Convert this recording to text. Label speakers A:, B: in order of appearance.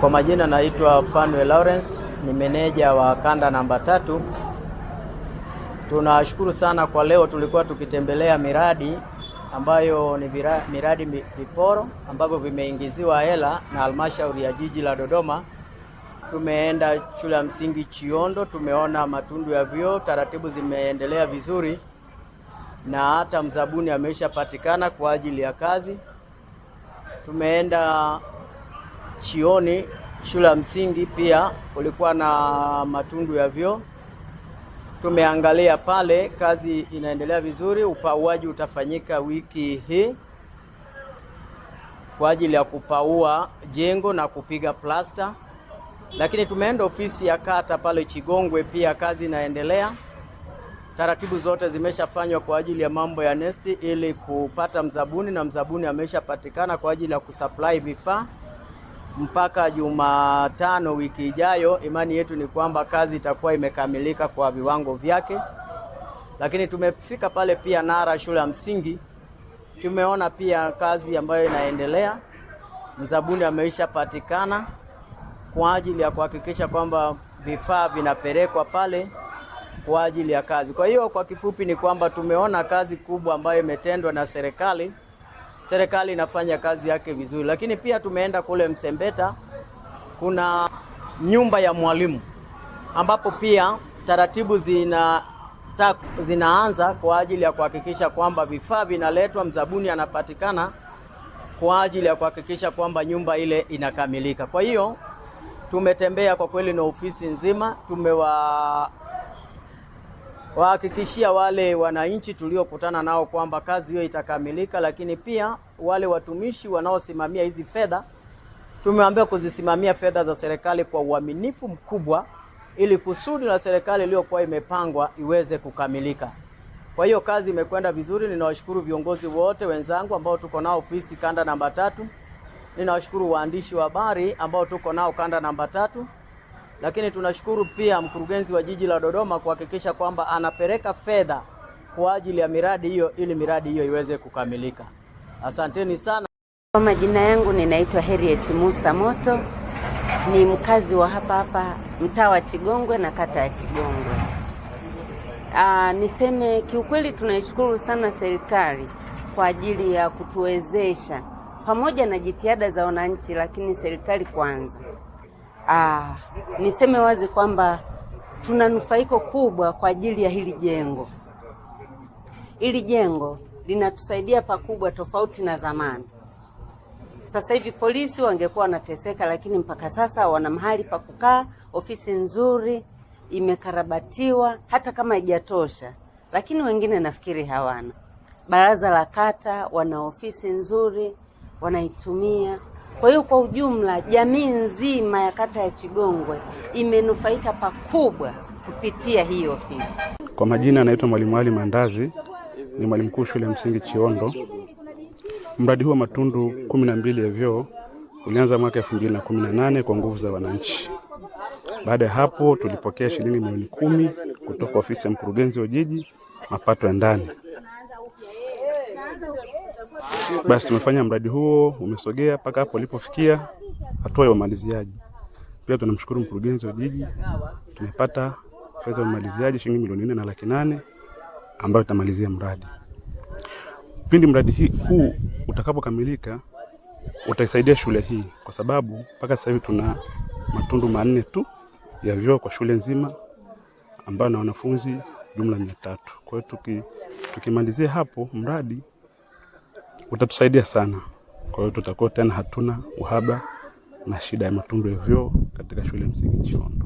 A: Kwa majina naitwa Fanuel Lawrence, ni meneja wa kanda namba tatu. Tunashukuru sana kwa leo, tulikuwa tukitembelea miradi ambayo ni vira, miradi viporo ambavyo vimeingiziwa hela na halmashauri ya jiji la Dodoma. Tumeenda shule ya msingi Chiondo, tumeona matundu ya vyoo, taratibu zimeendelea vizuri na hata mzabuni ameshapatikana kwa ajili ya kazi. Tumeenda Chioni shule ya msingi, pia kulikuwa na matundu ya vyoo. Tumeangalia pale, kazi inaendelea vizuri. Upauaji utafanyika wiki hii kwa ajili ya kupaua jengo na kupiga plasta, lakini tumeenda ofisi ya kata pale Chigongwe, pia kazi inaendelea. Taratibu zote zimeshafanywa kwa ajili ya mambo ya nesti ili kupata mzabuni, na mzabuni ameshapatikana kwa ajili ya kusupply vifaa mpaka Jumatano wiki ijayo. Imani yetu ni kwamba kazi itakuwa imekamilika kwa viwango vyake, lakini tumefika pale pia Nara shule ya msingi, tumeona pia kazi ambayo inaendelea. Mzabuni ameishapatikana kwa ajili ya kuhakikisha kwamba vifaa vinapelekwa pale kwa ajili ya kazi. Kwa hiyo kwa kifupi ni kwamba tumeona kazi kubwa ambayo imetendwa na serikali serikali inafanya kazi yake vizuri, lakini pia tumeenda kule Msembeta, kuna nyumba ya mwalimu ambapo pia taratibu zina ta, zinaanza kwa ajili ya kuhakikisha kwamba vifaa vinaletwa, mzabuni anapatikana kwa ajili ya kuhakikisha kwamba nyumba ile inakamilika. Kwa hiyo tumetembea kwa kweli na ofisi nzima tumewa wahakikishia wale wananchi tuliokutana nao kwamba kazi hiyo itakamilika, lakini pia wale watumishi wanaosimamia hizi fedha tumewaambia kuzisimamia fedha za serikali kwa uaminifu mkubwa ili kusudi la serikali iliyokuwa imepangwa iweze kukamilika. Kwa hiyo kazi imekwenda vizuri. Ninawashukuru viongozi wote wenzangu ambao tuko nao ofisi kanda namba tatu. Ninawashukuru waandishi wa habari ambao tuko nao kanda namba tatu lakini tunashukuru pia mkurugenzi wa jiji la Dodoma kuhakikisha kwamba anapeleka fedha kwa ajili ya miradi hiyo ili miradi hiyo iweze kukamilika. Asanteni sana.
B: Kwa majina yangu ninaitwa Harriet Musa Moto, ni mkazi wa hapa hapa mtaa wa Chigongwe na kata ya Chigongwe. Aa, ah, niseme kiukweli tunaishukuru sana serikali kwa ajili ya kutuwezesha pamoja na jitihada za wananchi, lakini serikali kwanza. Ah, niseme wazi kwamba tuna nufaiko kubwa kwa ajili ya hili jengo. Hili jengo linatusaidia pakubwa, tofauti na zamani. Sasa hivi polisi wangekuwa wanateseka, lakini mpaka sasa wana mahali pa kukaa, ofisi nzuri imekarabatiwa. Hata kama haijatosha, lakini wengine nafikiri hawana. Baraza la kata wana ofisi nzuri, wanaitumia kwa hiyo kwa ujumla, jamii nzima ya kata ya Chigongwe imenufaika pakubwa kupitia hii ofisi.
C: Kwa majina anaitwa Mwalimu Ali Mandazi, ni mwalimu mkuu shule ya msingi Chiondo. Mradi huu wa matundu kumi na mbili ya vyoo ulianza mwaka 2018 kwa nguvu za wananchi. Baada ya hapo tulipokea shilingi milioni kumi kutoka ofisi ya mkurugenzi wa jiji, mapato ya ndani. Basi tumefanya mradi huo umesogea mpaka hapo ulipofikia hatua ya umaliziaji. Pia tunamshukuru mkurugenzi wa jiji, tumepata fedha ya umaliziaji shilingi milioni nne na laki nane ambayo itamalizia mradi. Pindi mradi huu utakapokamilika utaisaidia shule hii kwa sababu mpaka sasa hivi tuna matundu manne tu ya vyoo kwa shule nzima ambayo na wanafunzi jumla mia tatu. Kwa hiyo tukimalizia tuki hapo mradi utatusaidia sana. Kwa hiyo tutakuwa tena hatuna uhaba na shida ya matundu ya vyoo katika shule ya msingi Chioni.